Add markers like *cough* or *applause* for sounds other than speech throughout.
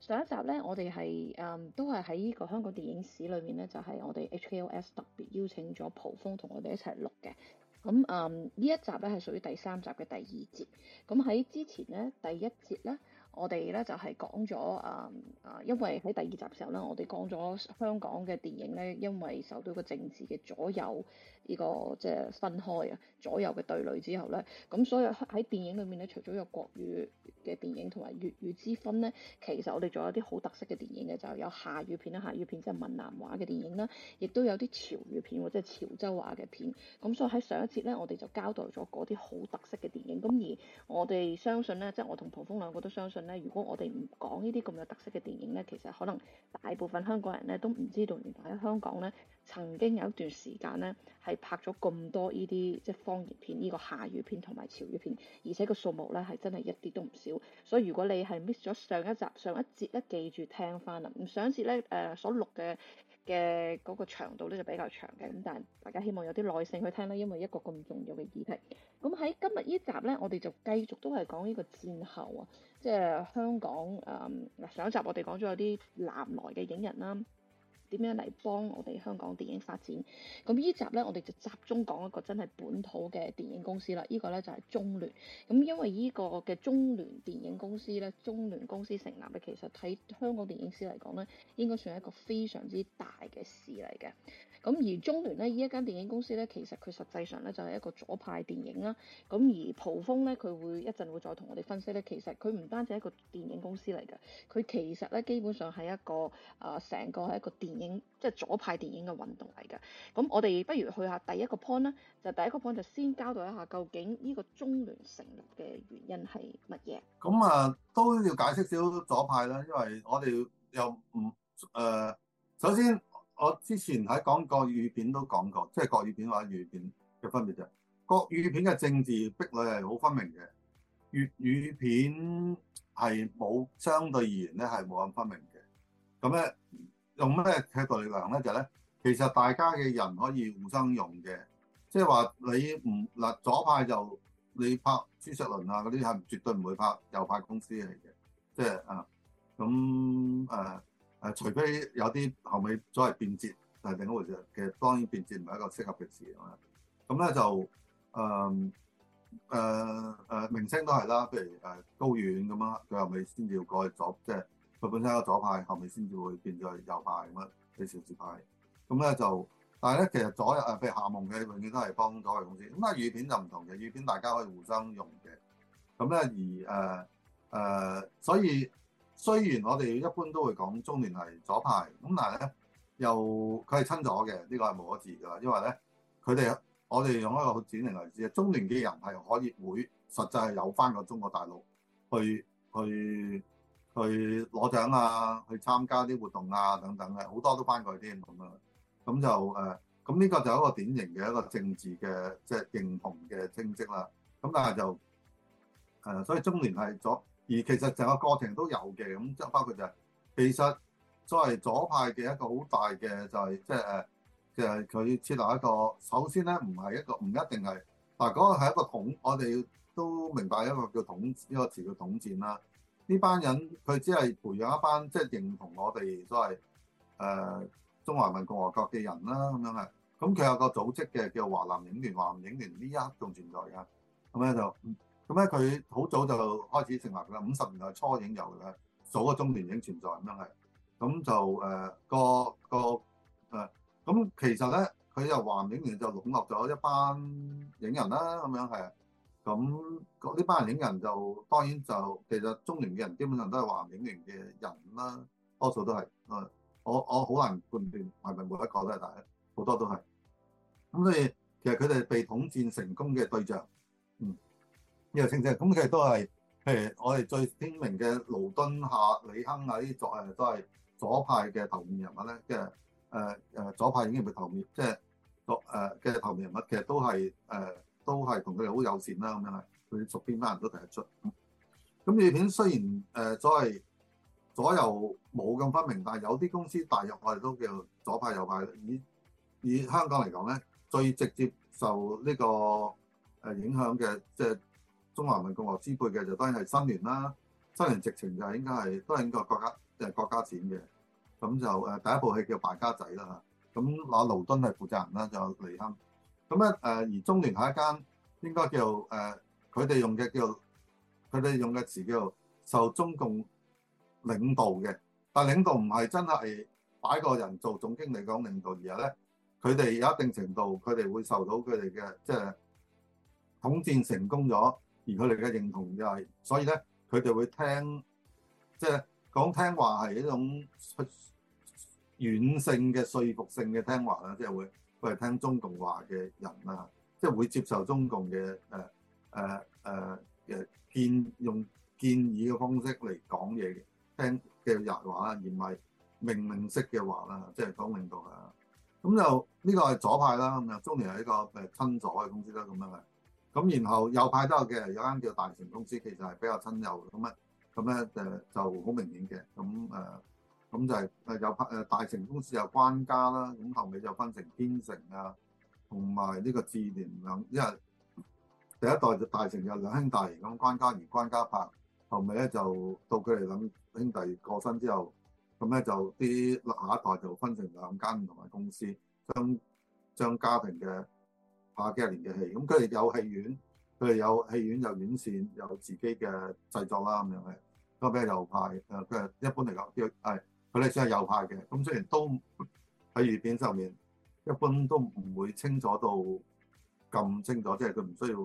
上一集咧，我哋係誒都係喺呢個香港電影史裏面咧，就係、是、我哋 HKOS 特別邀請咗蒲鋒同我哋一齊錄嘅。咁誒呢一集咧係屬於第三集嘅第二節。咁喺之前咧，第一節咧，我哋咧就係講咗誒誒，因為喺第二集時候咧，我哋講咗香港嘅電影咧，因為受到個政治嘅左右。呢、呢個即係分開啊，左右嘅對壘之後咧，咁所以喺電影裏面咧，除咗有國語嘅電影同埋粵語之分咧，其實我哋仲有啲好特色嘅電影嘅，就係、有廈語片啦，廈語片即係閩南話嘅電影啦，亦都有啲潮語片或者係潮州話嘅片。咁所以喺上一節咧，我哋就交代咗嗰啲好特色嘅電影。咁而我哋相信咧，即、就、係、是、我同蒲鋒兩個都相信咧，如果我哋唔講呢啲咁有特色嘅電影咧，其實可能大部分香港人咧都唔知道原來喺香港咧。曾經有一段時間呢，係拍咗咁多呢啲即係方言片、呢、這個廈語片同埋潮語片，而且個數目呢係真係一啲都唔少。所以如果你係 miss 咗上一集、上一節咧，記住聽翻啦。上一節咧誒、呃、所錄嘅嘅嗰個長度咧就比較長嘅，咁但係大家希望有啲耐性去聽啦，因為一個咁重要嘅議題。咁喺今日呢集咧，我哋就繼續都係講呢個戰後啊，即係香港誒、呃、上一集我哋講咗有啲南來嘅影人啦、啊。點樣嚟幫我哋香港電影發展？咁呢集咧，我哋就集中講一個真係本土嘅電影公司啦。呢個咧就係中聯。咁因為呢個嘅中聯電影公司咧，中聯公司成立咧，其實喺香港電影史嚟講咧，應該算係一個非常之大嘅事嚟嘅。咁而中聯咧，呢一間電影公司咧，其實佢實際上咧就係一個左派電影啦。咁而蒲鋒咧，佢會一陣會再同我哋分析咧。其實佢唔單止係一個電影公司嚟㗎，佢其實咧基本上係一個啊，成、呃、個係一個電影即係左派電影嘅運動嚟㗎。咁、嗯、我哋不如去下第一個 point 啦，就第一個 point 就先交代一下究竟呢個中聯成立嘅原因係乜嘢。咁啊，都要解釋少少左派啦，因為我哋又唔誒首先。我之前喺講國語片都講過，即係國語片同粵語片嘅分別就係、是，國語片嘅政治壁壘係好分明嘅，粵語片係冇相對而言咧係冇咁分明嘅。咁咧用咩尺度嚟量咧就咧、是，其實大家嘅人可以互相用嘅，即係話你唔嗱左派就你拍朱石麟啊嗰啲係絕對唔會拍右派公司嚟嘅，即、就、係、是、啊咁誒。除非有啲後尾作為變節，但係係另一回事。其實當然變節唔係一個適合嘅字啊。咁咧就誒誒誒，明星都係啦，譬如誒、呃、高遠咁啊，佢後尾先至改左，即係佢本身一個左派，後尾先至會變咗右派咁啊，少持派。咁咧就，但係咧其實左誒、呃，譬如夏夢嘅，永遠都係幫左翼公司。咁啊，語片就唔同嘅，語片大家可以互相用嘅。咁咧而誒誒、呃呃，所以。雖然我哋一般都會講中聯係左派，咁但係咧又佢係親左嘅，呢個係冇可置疑㗎啦。因為咧佢哋我哋用一個好典型例子啊，中聯嘅人係可以會實際係有翻過中國大陸去去去攞獎啊，去參加啲活動啊等等嘅，好多都翻過去添咁樣。咁就誒，咁、呃、呢個就一個典型嘅一個政治嘅即係認同嘅證跡啦。咁但係就誒、呃，所以中聯係左。而其實成個過程都有嘅，咁即係包括就係、是、其實作為左派嘅一個好大嘅就係即係誒，就係、是、佢、呃、設立一個，首先咧唔係一個，唔一定係，嗱嗰個係一個統，我哋都明白一個叫統，呢個詞叫統戰啦。呢班人佢只係培養一班即係認同我哋所謂誒、呃、中華民共和國嘅人啦，咁樣嘅。咁佢有個組織嘅叫華南影聯，華南影聯呢一刻仲存在㗎。咁咧就。咁咧，佢好早就開始成立啦。五十年代初影有嘅，早嘅中聯影存在咁樣係。咁就誒、呃、個個誒咁，呃、其實咧佢又華影聯就籠絡咗一班影人啦，咁樣係。咁呢班人影人就當然就其實中聯嘅人基本上都係華影聯嘅人啦，多數都係。誒、嗯，我我好難判斷係咪每一個都係第一，好多都係。咁所以其實佢哋被統戰成功嘅對象，嗯。又清正，正，咁其實都係誒，譬如我哋最鮮明嘅盧敦下、李亨啊啲左誒都係左派嘅頭面人物咧，即係誒誒左派影業嘅頭面，即係左嘅頭面人物，其實都係誒、呃、都係同佢哋好友善啦咁樣啦，佢屬邊班人都第一出。咁呢片雖然誒左係左右冇咁分明，但係有啲公司大約我哋都叫左派右派。以以香港嚟講咧，最直接受呢個誒影響嘅即係。中華民共和支配嘅就當然係新聯啦，新聯直情就應該係都係應該係國家誒國家錢嘅，咁就誒、呃、第一部戲叫敗家仔啦嚇，咁拿盧敦係負責人啦，就離婚。咁咧誒而中聯係一間應該叫誒，佢、呃、哋用嘅叫佢哋用嘅詞叫做「受中共領導」嘅，但領導唔係真係擺個人做總經理講領導，而係咧佢哋有一定程度，佢哋會受到佢哋嘅即係統戰成功咗。而佢哋嘅認同就係，所以咧佢哋會聽，即係講聽話係一種軟性嘅說服性嘅聽話啦，即係會佢係聽中共話嘅人啊，即係會接受中共嘅誒誒誒嘅建用建議嘅方式嚟講嘢，嘅，聽嘅人話，而唔係命令式嘅話啦，即係講命令啊。咁就呢個係左派啦，咁又中聯係一個誒親左嘅公司啦，咁樣嘅。咁然後右派都有嘅，有間叫大成公司，其實係比較親右咁啊。咁咧就顯就好明顯嘅。咁誒咁就係誒右派誒大成公司有關家啦。咁後尾就分成天成啊，同埋呢個智聯兩，因為第一代就大成有兩兄弟咁，關家而關家伯，後尾咧就到佢哋兩兄弟過身之後，咁咧就啲下一代就分成兩間唔同嘅公司，將將家庭嘅。拍幾十年嘅戲，咁佢哋有戲院，佢哋有戲院有院線，有自己嘅製作啦咁樣嘅。都啊，比較右派，誒佢係一般嚟講，啲佢哋算係右派嘅。咁雖然都喺預片上面，一般都唔會清楚到咁清楚，即係佢唔需要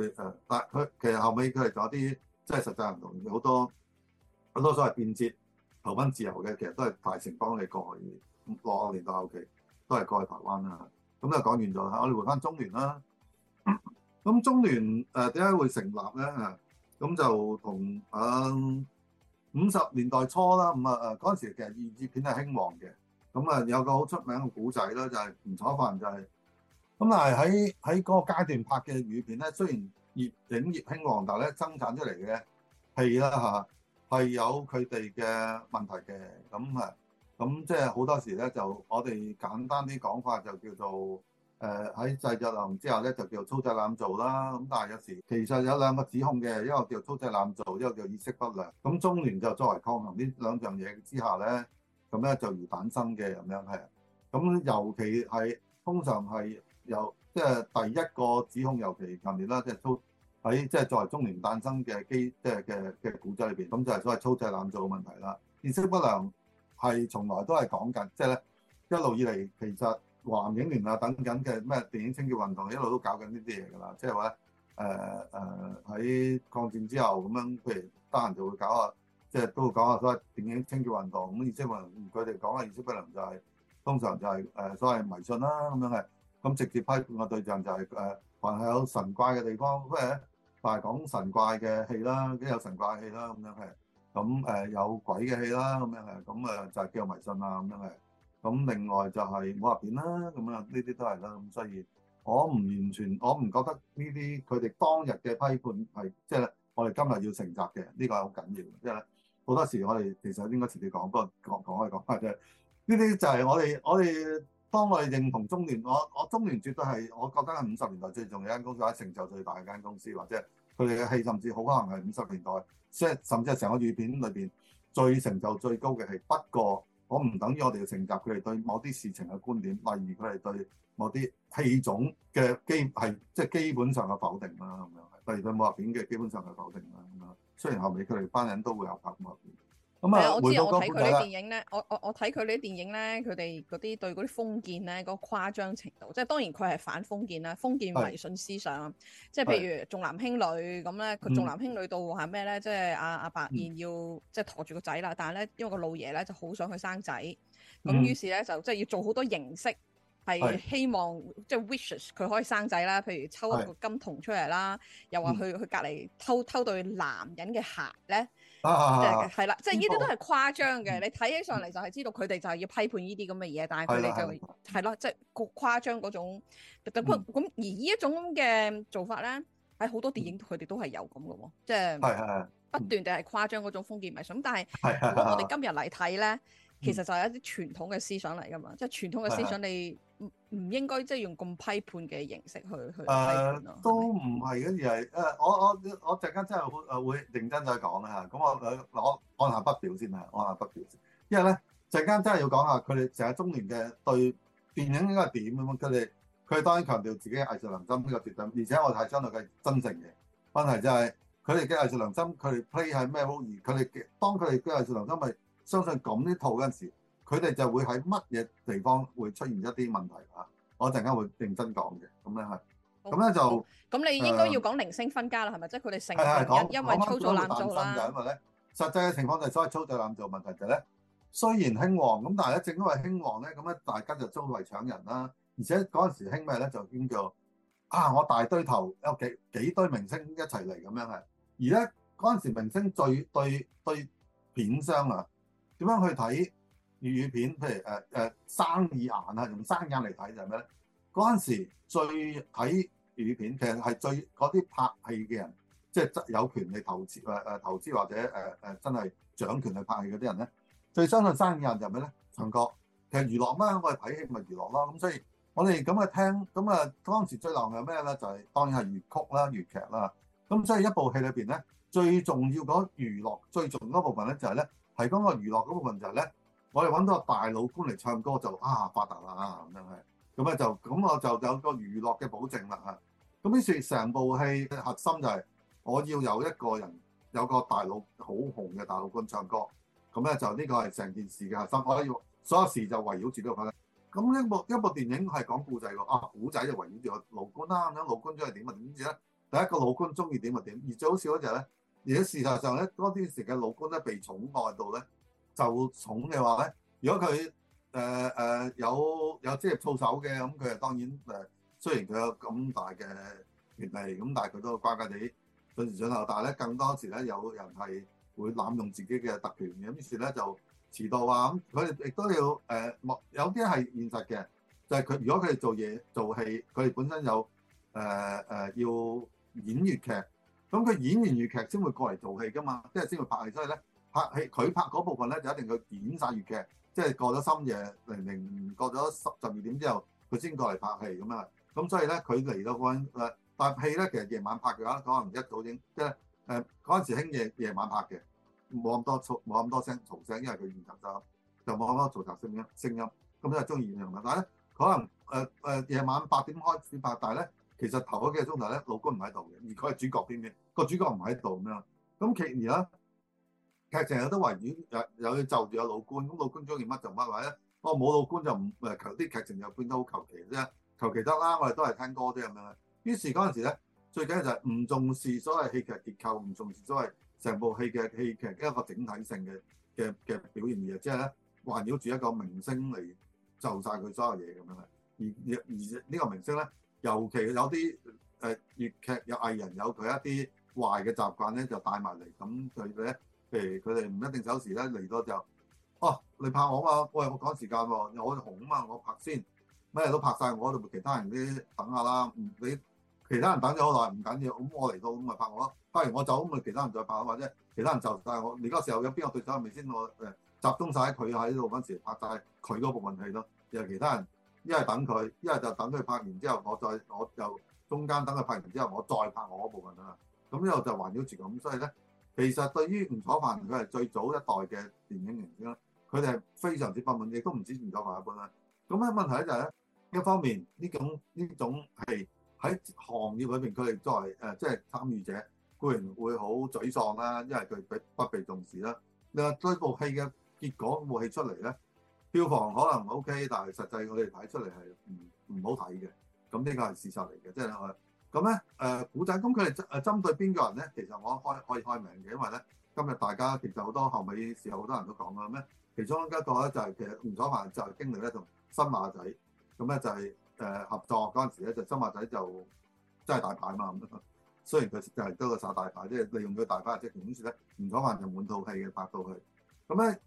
佢誒。但係佢其實後尾，佢做一啲即係實際行動有好多，好多所謂變節投奔自由嘅，其實都係大城幫你過去六十年代後期都係過去台灣啦。咁就講完咗啦，我哋回翻中聯啦。咁 *coughs* 中聯誒點解會成立咧？啊，咁就同啊五十年代初啦，咁啊誒嗰陣時其實粵語片係興旺嘅，咁啊有個好出名嘅古仔啦，就係吳楚帆。就係、是。咁、啊、但係喺喺嗰個階段拍嘅粵片咧，雖然粵影業興旺，但係咧生產出嚟嘅戲啦嚇係有佢哋嘅問題嘅，咁啊。咁即係好多時咧，就我哋簡單啲講法就叫做誒喺製造難之後咧，就叫做粗製濫造啦。咁但係有時其實有兩個指控嘅，一個叫做粗製濫造，一個叫意識不良。咁中聯就作為抗衡呢兩樣嘢之下咧，咁咧就如誕生嘅咁樣係。咁尤其係通常係由即係第一個指控，尤其近年啦，即係粗喺即係作為中聯誕生嘅基即係嘅嘅古仔裏邊，咁就係、是、所謂粗製濫造嘅問題啦。意識不良，係從來都係講緊，即係咧一路以嚟，其實華影聯啊等緊嘅咩電影清潔運動，一路都搞緊呢啲嘢㗎啦。即係話咧，誒誒喺抗戰之後咁樣，譬如得閒就會搞下，即係都會講下所謂電影清潔運動咁。意思，意思不能佢哋講嘅意識不能就係通常就係誒所謂迷信啦咁樣嘅，咁直接批判嘅對象就係誒凡係有神怪嘅地方，不如就係講神怪嘅戲啦，啲有神怪嘅戲啦咁樣嘅。咁誒、呃、有鬼嘅戲啦，咁樣誒，咁誒就係叫迷信啦，咁樣誒，咁另外就係武俠片啦，咁樣呢啲都係啦，咁所以我唔完全，我唔覺得呢啲佢哋當日嘅批判係，即係咧，我哋今日要承襲嘅，呢個係好緊要，即係咧好多時我哋其實應該遲啲講，不過講講開講下啫。呢啲就係我哋我哋當我哋認同中聯，我我中聯絕對係我覺得係五十年代最重要一間公司，或者成就最大嘅間公司或者。佢哋嘅戲甚至好可能係五十年代，即係甚至係成個粵語片裏邊最成就最高嘅戲。不過，我唔等於我哋嘅承襲，佢哋對某啲事情嘅觀點，例如佢哋對某啲戲種嘅基係即係基本上嘅否定啦咁樣。例如對武俠片嘅基本上嘅否定啦咁樣。雖然後尾佢哋班人都會有拍武俠片。係啊、嗯，我知我睇佢啲電影咧吧，我我我睇佢啲電影咧，佢哋啲對嗰啲封建咧，嗰個誇張程度，即係當然佢係反封建啦，封建迷信思想，是即係譬如重男輕女咁咧，佢重、嗯、男輕女到係咩咧？即係阿阿白燕要、嗯、要即係陀住個仔啦，但係咧，因為個老爺咧就好想去生仔，咁於、嗯、是咧就即係要做好多形式係希望即係是 wishes 佢可以生仔啦，譬如抽一個金童出嚟啦，是是又話去去隔離偷偷偷對男人嘅鞋咧。啊，係啦，即係呢啲都係誇張嘅，們你睇起上嚟就係知道佢哋就係要批判呢啲咁嘅嘢，但係佢哋就係咯，即係個誇張嗰種咁咁，嗯、而呢一種嘅做法咧，喺好多電影佢哋都係有咁嘅喎，嗯、即係不斷地係誇張嗰種封建迷信。咁但係如果我哋今日嚟睇咧，哎其實就係一啲傳統嘅思想嚟㗎嘛，即係傳統嘅思想你唔唔應該即係用咁批判嘅形式去去批判、啊呃、都唔係而係，誒我我我陣間真係會誒會認真再講啦嚇。咁我攞按下筆表先啦，按下筆表先。因為咧陣間真係要講下佢哋成日中聯嘅對電影應該係點咁樣？佢哋佢哋當然強調自己藝術良心比較絕對，而且我哋係真係嘅真誠嘅，問題就係佢哋嘅藝術良心，佢哋 play 係咩玩意？佢哋當佢哋嘅藝術良心咪？相信咁呢套嗰陣時，佢哋就會喺乜嘢地方會出現一啲問題嚇。我陣間會認真講嘅。咁咧係，咁咧就咁你應該要講伶星分家啦，係咪？即係佢哋成日因為粗製濫造啦。因為咧實際嘅情況就係所謂粗製濫造問題就咧，雖然興旺咁，但係咧正因為興旺咧，咁咧大家就周圍搶人啦。而且嗰陣時興咩咧就叫做啊，我大堆頭有幾幾堆明星一齊嚟咁樣嘅。而咧嗰陣時明星最對對片商啊！點樣去睇粵語片？譬如誒誒、呃、生意眼啊，用生意眼嚟睇就係咩咧？嗰陣時最睇粵語片，其實係最嗰啲拍戲嘅人，即係有權力投資誒誒投資或者誒誒、呃、真係掌權去拍戲嗰啲人咧，最相信生意眼就係咩咧？唱歌其實娛樂啦，我哋睇戲咪娛樂咯。咁所以我哋咁嘅聽咁啊，當時最流行係咩咧？就係、是、當然係粵曲啦、粵劇啦。咁所以一部戲裏邊咧，最重要嗰娛樂最重要嗰部分咧，就係、是、咧。係講個娛樂嗰部分就係咧，我哋揾到個大老官嚟唱歌就啊發達啦，咁樣係，咁咧就咁我就有個娛樂嘅保證啦。咁於是成部戲核心就係我要有一個人有個大老好紅嘅大老官唱歌，咁咧就呢個係成件事嘅核心。我要所有事就圍繞住呢個發生。咁一部一部電影係講故仔喎，啊古仔就圍繞住個老官啦、啊，咁樣老官中意點咪點知啦。第一個老官中意點咪點，而最好笑嗰就係咧。而且事實上咧，多啲時嘅老倌咧被寵愛到咧，受寵嘅話咧，如果佢誒誒有有職業操守嘅，咁佢啊當然誒，雖然佢有咁大嘅權利，咁、嗯、但係佢都乖乖哋順時順候。但係咧，更多時咧，有人係會濫用自己嘅特權嘅，於是咧就遲到啊！咁佢哋亦都要誒、呃，有啲係現實嘅，就係、是、佢如果佢哋做嘢做戲，佢哋本身有誒誒、呃呃呃、要演粵劇。咁佢演完粵劇先會過嚟做戲㗎嘛，即係先會拍戲，所以咧拍戲佢拍嗰部分咧就一定要演晒粵劇，即係過咗深夜零零過咗十二點之後，佢先過嚟拍戲咁樣。咁所以咧佢嚟到嗰陣，誒、呃、但係戲咧其實夜晚拍嘅，可能一早影即係誒嗰陣時興夜夜晚拍嘅，冇咁多嘈冇咁多聲嘈聲，因為佢現場就就冇咁多嘈雜聲音聲音。咁都係中意現場嘅，但係咧可能誒誒、呃呃、夜晚八點開始拍呢，但係咧其實頭嗰幾個鐘頭咧老公唔喺度嘅，而佢係主角邊邊。個主角唔喺度咩啦？咁、嗯、其而咧劇情有得圍繞，有又，又要就住有老官，咁老官中意乜就乜，位、哦？或者我冇老官就唔唔求啲劇情又變得好求其啫，求其得啦！我哋都係聽歌啲咁樣啦。於是嗰陣時咧，最緊要就係唔重視所謂戲劇結構，唔重視所謂成部戲劇戲劇一個整體性嘅嘅嘅表現嘅，即係咧環繞住一個明星嚟就晒佢所有嘢咁樣啦。而而呢個明星咧，尤其有啲誒粵劇有藝人有佢一啲。壞嘅習慣咧就帶埋嚟，咁佢哋咧，譬如佢哋唔一定守時咧，嚟到就哦、啊，你拍我嘛？喂，我趕時間喎，我恐嘛，我拍先咩，都拍晒我同其他人啲等下啦。你其他人等咗好耐唔緊要，咁我嚟到咁咪拍我咯，拍完我走咁咪其他人再拍啊嘛啫。或者其他人就但係我而家時候有邊個對手咪先我誒集中晒佢喺度，嗰陣時拍晒佢嗰部分戲咯，又其他人一係等佢，一係就等佢拍完之後，我再我就中間等佢拍，拍完之後，我再拍我嗰部分啦。咁、嗯、又就環繞住咁，所以咧，其實對於吳楚帆，佢係最早一代嘅電影明星啦。佢哋係非常之不滿，亦都唔止吳楚帆。一般啦。咁咧問題就係、是、咧，一方面呢種呢種係喺行業裏邊，佢哋作為誒、呃、即係參與者，固然會好沮喪啦，因為佢被不被重視啦。你話追部戲嘅結果，冇戲出嚟咧，票房可能 OK，但係實際佢哋睇出嚟係唔唔好睇嘅。咁呢個係事實嚟嘅，即、就、係、是。呃咁咧，誒、嗯、古仔，咁佢哋誒針對邊個人咧？其實我開可，可以開名嘅，因為咧今日大家其實好多後尾時候好多人都講嘅咩？其中一個咧就係、是、其實吳楚帆就係經歷咧同新馬仔，咁、嗯、咧就係、是、誒、呃、合作嗰陣時咧就新馬仔就真係大牌啊嘛咁，雖然佢就係都係耍大牌，即係利用佢大牌即資源先算啦。吳楚帆就滿套戲嘅拍到佢咁咧，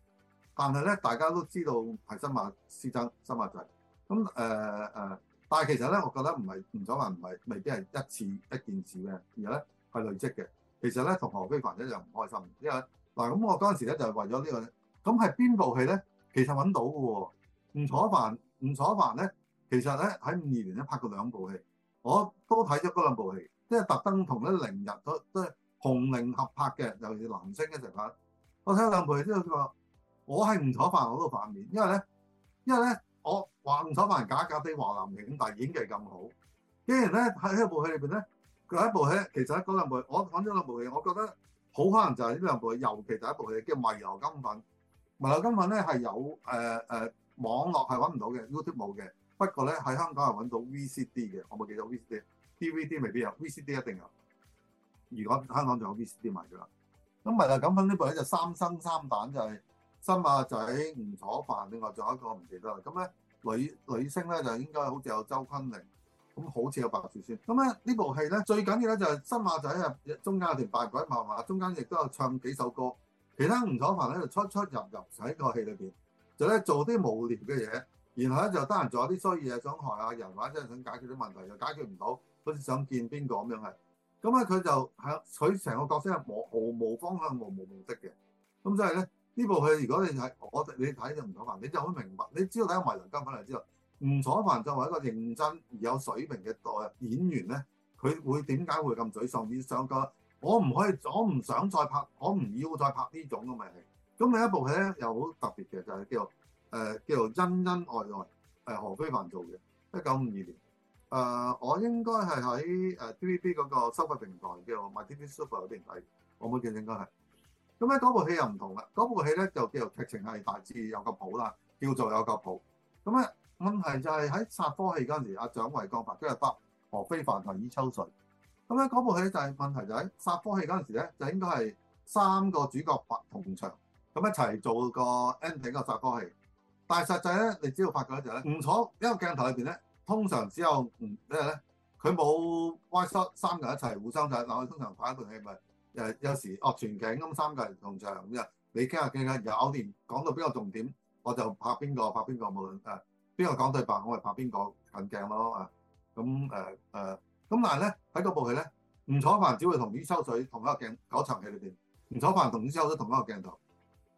但係咧大家都知道係新馬師曾新馬仔，咁誒誒。呃呃但係其實咧，我覺得唔係吳楚帆，唔係未必係一次一件事嘅，而係咧係累積嘅。其實咧，同何非凡一樣唔開心，因為嗱咁我嗰陣時咧就係、是、為咗呢、這個咧，咁係邊部戲咧？其實揾到嘅喎，吳楚帆。吳楚帆咧，其實咧喺五二年咧拍過兩部戲，我都睇咗嗰兩部戲，即係特登同咧零日都都紅凌合拍嘅，尤其是男星一齊拍，我睇咗兩部戲之後佢話，我係吳楚帆，嗰個畫面，因為咧，因為咧。我話《紅、哦、楚帆》假假哋，華南影帝但演技咁好。既然咧喺呢部戲裏邊咧，佢有一部戲，其實嗰兩部我揾咗兩部戲，我覺得好可能就係呢兩部戲，尤其第一部戲叫《迷樓金粉》。《迷樓金粉呢》咧係有誒誒、呃啊、網絡係揾唔到嘅，YouTube 冇嘅。不過咧喺香港係揾到 VCD 嘅，我冇記錯 VCD，DVD 未必有，VCD 一定有。如果香港仲有 VCD 賣咗，咁《迷樓金粉》呢部咧就三生三旦就係、是。新馬仔吳楚帆，另外仲有一個唔記得啦。咁咧女女星咧就應該好似有周坤玲，咁好似有白雪仙。咁咧呢部戲咧最緊要咧就係新馬仔啊，中間一段扮鬼扮馬，中間亦都有唱幾首歌。其他吳楚帆咧就出出入入喺個戲裏邊，就咧做啲無聊嘅嘢，然後咧就得閒做一啲衰嘢，想害下人或者想解決啲問題又解決唔到，好似想見邊個咁樣係。咁咧佢就係佢成個角色係毫毫無方向毫無目的嘅。咁所以咧。呢部戲如果你睇我，你睇就吳楚帆你就好明白。你知道睇《迷霧金粉》嚟之後，吳楚帆作為一個認真而有水平嘅代演員咧，佢會點解會咁沮喪？上個我唔可以，我唔想再拍，我唔要再拍種呢種咁嘅戲。咁另一部戲咧又好特別嘅，就係、是、叫做誒、呃、叫做恩恩愛愛，係何非凡做嘅，一九五二年。誒、呃，我應該係喺誒、呃、TVB 嗰個收費平台叫做 My TV Super 嗰邊睇，我冇記錯，應該係。咁咧嗰部戲又唔同啦，嗰部戲咧就叫做劇情係大致有個譜啦，叫做有個譜。咁咧問題就係喺殺科戲嗰陣時，阿蔣偉國白、出日發何非凡、伊秋水。咁咧嗰部戲就係、是、問題就喺殺科戲嗰陣時咧，就應該係三個主角白同場咁一齊做一個 ending 個殺科戲。但係實際咧，你只要發覺就係咧，唔坐一個鏡頭裏邊咧，通常只有唔，因為咧佢冇 wide shot 三人一齊互相睇、就是，但係通常拍一部戲咪。誒有時哦全景咁三個人同場咁樣，你傾下傾下，然後我講到邊個重點，我就拍邊個拍邊個，無論誒邊、呃、個講對白，我咪拍邊個近鏡咯啊！咁誒誒，咁、呃嗯、但係咧喺嗰部戲咧，吳楚帆只會同於秋水同一個鏡九場戲裏邊，吳楚帆同於秋水同一個鏡頭，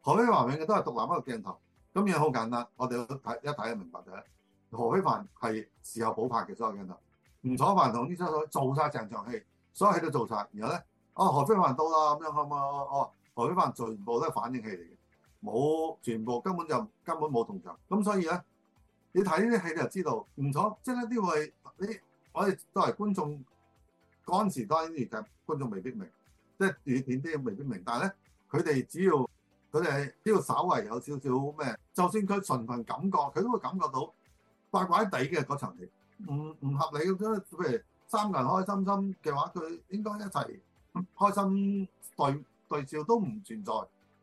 何非凡永遠都係獨立一個鏡頭。咁樣好簡單，我哋睇一睇就明白嘅。何非凡係時候補拍嘅所有鏡頭，吳楚帆同於秋水做晒成場戲，所有戲都做晒。然後咧。哦、啊，何非凡到啦，咁樣啊嘛。哦、啊，何非凡全部都係反應器嚟嘅，冇全部根本就根本冇動作。咁所以咧，你睇呢啲戲你就知道唔錯。即係呢啲會你我哋都係觀眾嗰陣時，當時，當然啲劇觀眾未必明，即係短片都未必明。但係咧，佢哋只要佢哋係只要稍微有少少咩，就算佢純憑感覺，佢都會感覺到怪怪地嘅嗰層嘢，唔唔合理。即譬如三個人開開心心嘅話，佢應該一齊。開心對對照都唔存在，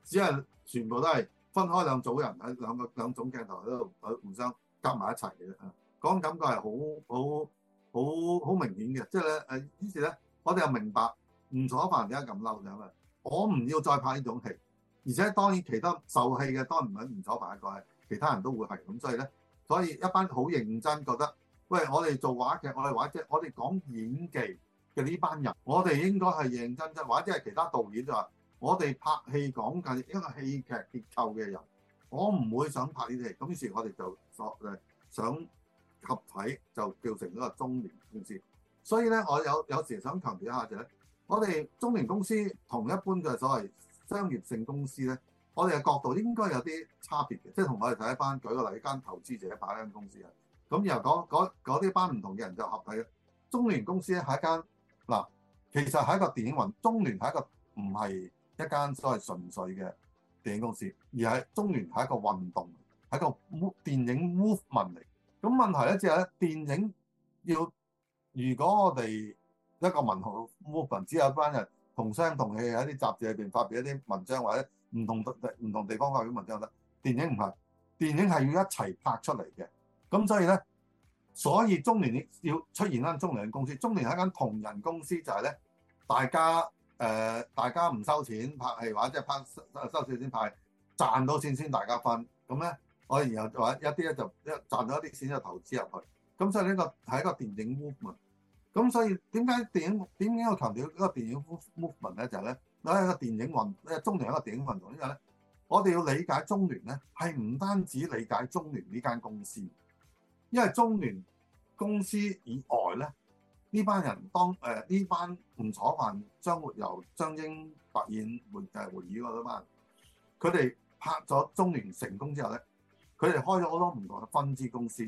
只係全部都係分開兩組人喺兩個兩種鏡頭喺度互相夾埋一齊嘅啫。啊，講、嗰種、感覺係好好好好明顯嘅，即係咧誒，於是咧我哋又明白吳楚帆點解咁嬲嘅咁啊！我唔要再拍呢種戲，而且當然其他受氣嘅當然唔係吳楚帆一個，係其他人都會係咁，所以咧，所以一班好認真覺得，喂，我哋做話劇，我哋話劇，我哋講演技嘅呢班人，我哋應該係認真真，或者係其他導演就話：我哋拍戲講緊一個戲劇結構嘅人，我唔會想拍呢啲戲。咁於是，我哋就想合體，就變成一個中聯公司。所以咧，我有有時想強調一下就係、是：我哋中聯公司同一般嘅所謂商業性公司咧，我哋嘅角度應該有啲差別嘅，即係同我哋睇一班舉個例一間資，間投資者擺嗰間公司啊，咁然後嗰啲班唔同嘅人就合體。中聯公司咧係一間。嗱，其實係一個電影運，中聯係一個唔係一間所謂純粹嘅電影公司，而係中聯係一個運動，係個 m o 電影 movement 嚟。咁問題咧就係咧，電影要如果我哋一個文學 movement 只有一班人同聲同氣喺啲雜誌裏邊發表一啲文章或者唔同唔同地方發表文章得，電影唔係，電影係要一齊拍出嚟嘅。咁所以咧。所以中聯要出現間中聯公司，中聯係間同人公司就，就係咧，大家誒，大家唔收錢拍戲，或者拍收收錢先拍，賺到錢先大家分，咁咧，我然後就話一啲咧就一賺到一啲錢就投資入去，咁所以呢個係一個電影 movement，咁所以點解電影點解要強調一個電影 movement 咧，就係咧，一個電影運，即係中聯一個電影運動，因為咧，我哋要理解中聯咧，係唔單止理解中聯呢間公司。因為中聯公司以外咧，呢班人當誒呢班吳楚帆、張、呃、活游、張瑛、白燕會就係會議嗰班。佢哋拍咗中聯成功之後咧，佢哋開咗好多唔同嘅分支公司。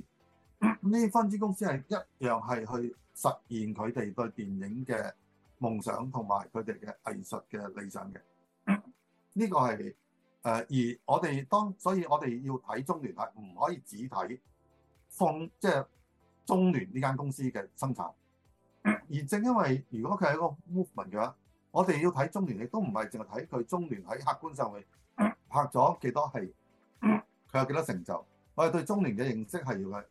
呢啲 *laughs* 分支公司係一樣係去實現佢哋對電影嘅夢想，同埋佢哋嘅藝術嘅理想嘅。呢 *laughs* 個係誒、呃，而我哋當所以我，我哋要睇中聯係唔可以只睇。放即係中聯呢間公司嘅生產，而正因為如果佢係一個 movement 嘅話，我哋要睇中聯，亦都唔係淨係睇佢中聯喺客觀上面拍咗幾多戲，佢有幾多成就。我哋對中聯嘅認識係要係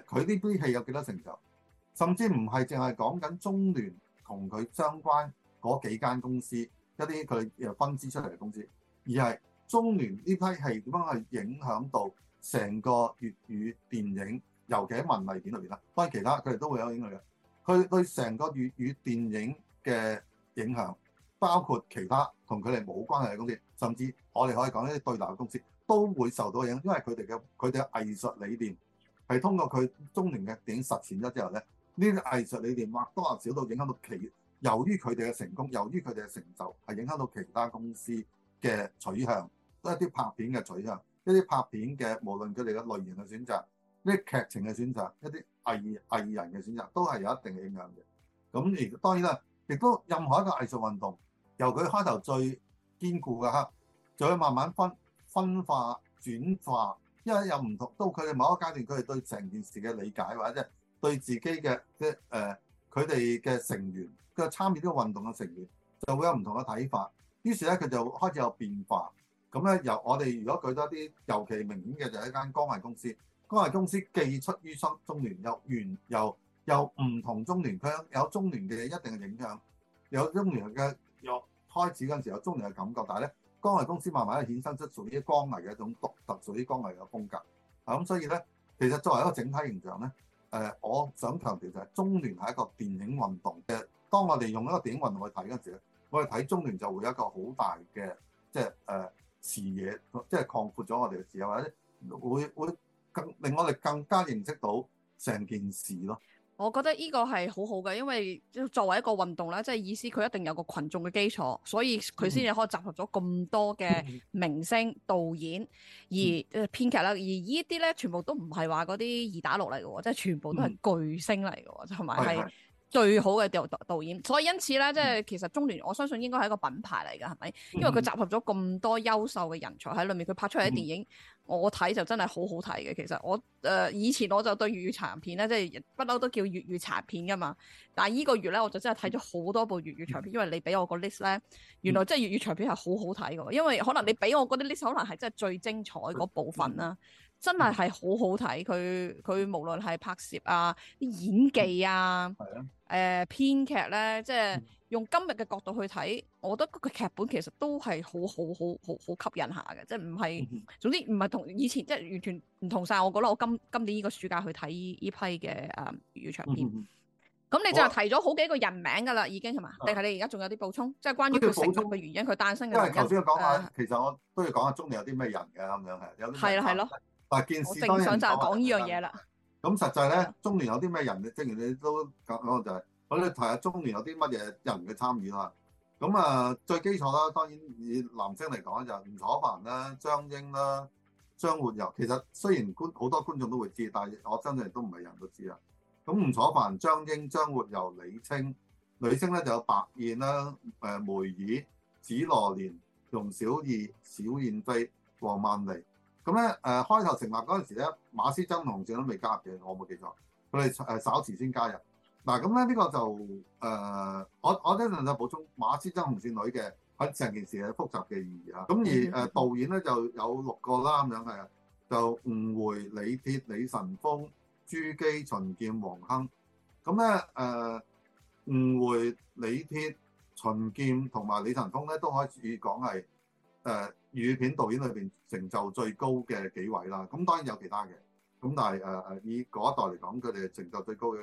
誒，佢呢啲戲有幾多成就，甚至唔係淨係講緊中聯同佢相關嗰幾間公司一啲佢誒分支出嚟嘅公司，而係中聯呢批戲係點樣去影響到成個粵語電影，尤其喺文藝片裏邊啦，當然其他佢哋都會有影響嘅。佢對成個粵語電影嘅影響，包括其他同佢哋冇關係嘅公司，甚至我哋可以講一啲對立嘅公司，都會受到影響，因為佢哋嘅佢哋嘅藝術理念係通過佢中聯嘅電影實踐咗之後咧，呢啲藝術理念或多或少都影響到其。由於佢哋嘅成功，由於佢哋嘅成就，係影響到其他公司嘅取向，都係一啲拍片嘅取向。一啲拍片嘅，無論佢哋嘅類型嘅選擇，一啲劇情嘅選擇，一啲藝藝人嘅選擇，都係有一定嘅影響嘅。咁而當然啦，亦都任何一個藝術運動，由佢開頭最堅固嘅刻，就會慢慢分分化轉化，因為有唔同，到佢哋某一個階段，佢哋對成件事嘅理解，或者對自己嘅嘅誒，佢哋嘅成員佢哋參與呢個運動嘅成員，就會有唔同嘅睇法。於是咧，佢就開始有變化。咁咧、嗯，由我哋如果舉多啲，尤其明顯嘅就係一間光藝公司。光藝公司既出於中中聯，又原又又唔同中聯，佢有中聯嘅一定嘅影響，有中聯嘅有開始嗰陣時有中聯嘅感覺，但係咧，光藝公司慢慢咧衍生出屬於光藝嘅一種獨特，屬於光藝嘅風格。咁所以咧，其實作為一個整體形象咧，誒、呃，我想強調就係中聯係一個電影運動嘅。當我哋用一個電影運動去睇嗰陣時咧，我哋睇中聯就會有一個好大嘅，即係誒。呃視野，即係擴闊咗我哋嘅視野，或者會會更令我哋更加認識到成件事咯。我覺得呢個係好好嘅，因為作為一個運動咧，即係意思佢一定有個群眾嘅基礎，所以佢先至可以集合咗咁多嘅明星 *laughs* 導演而編劇啦，而， *laughs* 而，而呢啲咧全部都唔係話嗰啲二打六嚟嘅，即係全部都係巨星嚟嘅，同埋係。 *laughs* 最好嘅導導演，所以因此咧，即係、嗯、其實中聯，我相信應該係一個品牌嚟㗎，係咪？因為佢集合咗咁多優秀嘅人才喺裏面，佢拍出嚟嘅電影，嗯、我睇就真係好好睇嘅。其實我誒、呃、以前我就對粵語殘片咧，即係不嬲都叫粵語殘片噶嘛。但係呢個月咧，我就真係睇咗好多部粵語殘片，嗯、因為你俾我個 list 咧，原來即係粵語殘片係好好睇㗎，因為可能你俾我嗰啲 list，可能係真係最精彩嗰部分啦。嗯嗯。真係係好好睇，佢佢無論係拍攝啊、演技啊、誒編劇咧，即係用今日嘅角度去睇，我覺得佢劇本其實都係好好好好好吸引下嘅，即係唔係，總之唔係同以前即係完全唔同晒。我覺得我今今年呢個暑假去睇呢批嘅啊粵語長片，咁你就係提咗好幾個人名噶啦，已經係嘛？定係你而家仲有啲補充？即係關於佢成立嘅原因，佢誕生嘅原因。因為頭先講下，其實我都要講下中年有啲咩人嘅咁樣係，有係啦，係咯。但件事當然講呢樣嘢啦。咁實際咧，中聯有啲咩人嘅？你正如你都講，就係、是、我哋提下中聯有啲乜嘢人嘅參與啦。咁、嗯、啊、嗯，最基礎啦，當然以男星嚟講就吳楚帆啦、啊、張瑛啦、啊、張活游。其實雖然觀好多觀眾都會知，但係我真係都唔係人都知啊。咁、嗯、吳楚帆、張瑛、張活游、李清、女星咧就有白燕啦、誒梅綺、紫羅蓮、容小意、小燕飛、黃曼梨。咁咧，誒開頭成立嗰陣時咧，馬師曾紅線都未加入嘅，我冇記錯，佢哋誒稍遲先加入。嗱，咁咧呢個就誒，我我一陣就補充，馬師曾紅線女嘅喺成件事係複雜嘅意義啊。咁而誒導演咧就有六個啦，咁樣嘅就誤會李鐵、李晨風、朱基、秦劍、黃亨。咁咧誒誤會李鐵、秦劍同埋李晨風咧，都可以講係，誒粵、呃、語片導演裏邊成就最高嘅幾位啦，咁當然有其他嘅，咁但係誒誒以嗰一代嚟講，佢哋成就最高嘅。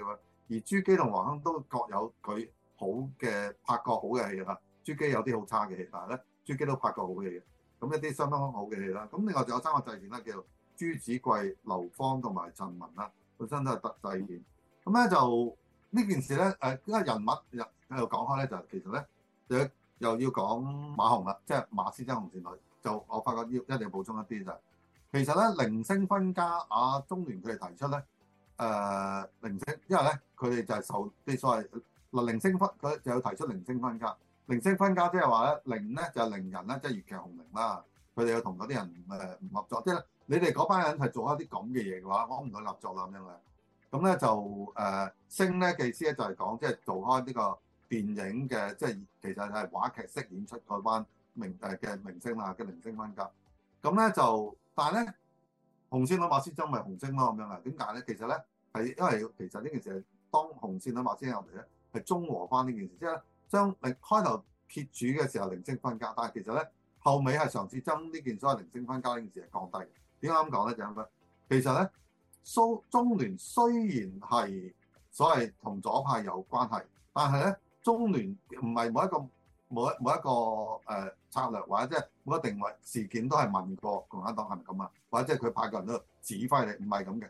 而珠璣同黃亨都各有佢好嘅拍過好嘅戲啦，珠璣有啲好差嘅戲，但係咧珠璣都拍過好戲嘅。咁一啲相當好嘅戲啦，咁另外仲有三個製片啦叫做朱子貴、劉芳同埋陳文啦，本身都係特製片。咁咧就呢件事咧誒、呃，因為人物又喺度講開咧，就其實咧有。又要講馬紅啦，即係馬師曾紅線女，就我發覺要一定要補充一啲就係，其實咧伶星分家啊，中聯佢哋提出咧，誒伶星，因為咧佢哋就係受啲所謂嗱伶星分，佢就有提出伶星分家，伶星分家即係話咧伶咧就係伶人啦，即係粵劇紅伶啦，佢哋要同嗰啲人誒唔合作，即係你哋嗰班人係做一啲咁嘅嘢嘅話，我唔會合作啦，咁樣啦，咁咧就誒星咧嘅意思咧就係講即係做開呢個。電影嘅即係其實係話劇式演出班，再翻明誒嘅明星啦嘅伶星分家。咁咧就但係咧紅，紅線女同馬師曾咪紅星咯咁樣啊？點解咧？其實咧係因為其實呢件事係當紅線女同馬師曾入嚟咧，係中和翻呢件事，即係將開頭揭主嘅時候伶星分家。但係其實咧後尾係嘗試將呢件所謂伶星分家呢件事係降低。點解咁講咧？就因為其實咧蘇中聯雖然係所謂同左派有關係，但係咧。中聯唔係每一個每一每一個誒、呃、策略，或者即係每一定位事件都係問過共產黨係咪咁啊？或者佢派個人都指揮你，唔係咁嘅。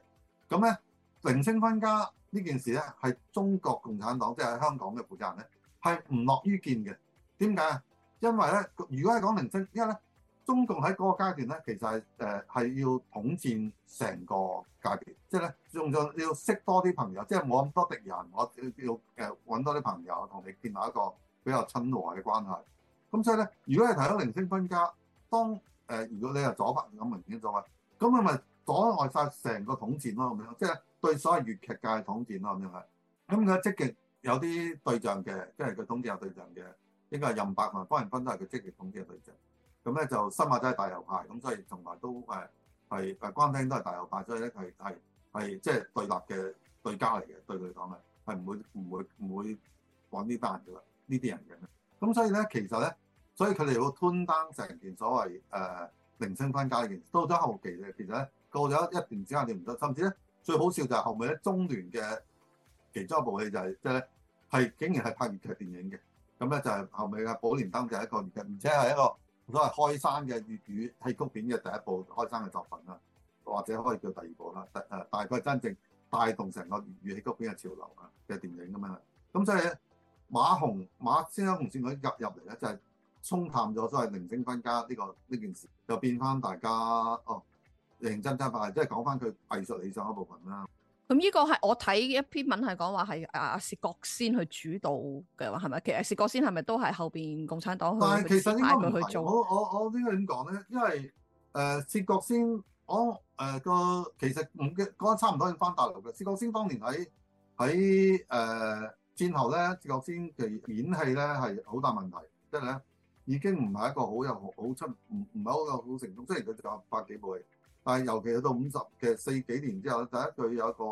咁、嗯、咧，伶星分家呢件事咧，係中國共產黨即係喺香港嘅負責人咧，係唔樂於見嘅。點解啊？因為咧，如果係講伶星，因為咧。中共喺嗰個階段咧，其實係誒係要統戰成個界別，即係咧仲仲要識多啲朋友，即係冇咁多敵人，我要誒揾、呃、多啲朋友同你建立一個比較親和嘅關係。咁、嗯、所以咧，如果你睇到伶星分家，當誒、呃、如果你係左派咁明顯左派，咁你咪阻礙晒成個統戰咯咁樣，即、就、係、是、對所有粵劇界統戰咯咁樣係。咁、嗯、佢、嗯、積極有啲對象嘅，即係佢統戰有對象嘅，應該係任白文、芳艷芬都係佢積極統戰嘅對象。咁咧就新馬仔係大右派，咁所以從來都誒係誒關廳都係大右派，所以咧佢係係即係對立嘅對家嚟嘅對佢講嘅，係唔會唔會唔會揾呢單嘅啦，呢啲人嘅。咁所以咧其實咧，所以佢哋會吞單成件所謂誒伶、呃、星分家嘅件事，到咗後期咧，其實咧過咗一段時間你唔得，甚至咧最好笑就係後尾咧中聯嘅其中一部戲就係即係咧係竟然係拍粵劇電影嘅。咁咧就係、是、後尾嘅《寶蓮燈》就係一個粵劇，而且係一個。都係開山嘅粵語戲曲片嘅第一部開山嘅作品啦，或者可以叫第二部啦。大誒，大概真正帶動成個粵語戲曲片嘅潮流嘅嘅電影咁樣，咁所以馬洪馬先生同紅線女入入嚟咧，就係、是、沖淡咗所謂伶星分家呢、這個呢件事，就變翻大家哦認真真啊！即係講翻佢藝術理想嗰部分啦。咁呢、嗯、個係我睇一篇文係講話係阿薛覺先去主導嘅，話係咪？其實薛覺先係咪都係後邊共產黨去帶佢去做？我我我應該點講咧？因為誒薛覺先我誒個、呃、其實五嘅嗰陣差唔多已經翻大陸嘅薛覺先，當年喺喺誒戰後咧，薛覺先嘅演戲咧係好大問題，即係咧已經唔係一個好有好出唔唔係好有好成功，雖然佢做百幾部戲。但係，尤其去到五十嘅四幾年之後咧，第一句有一個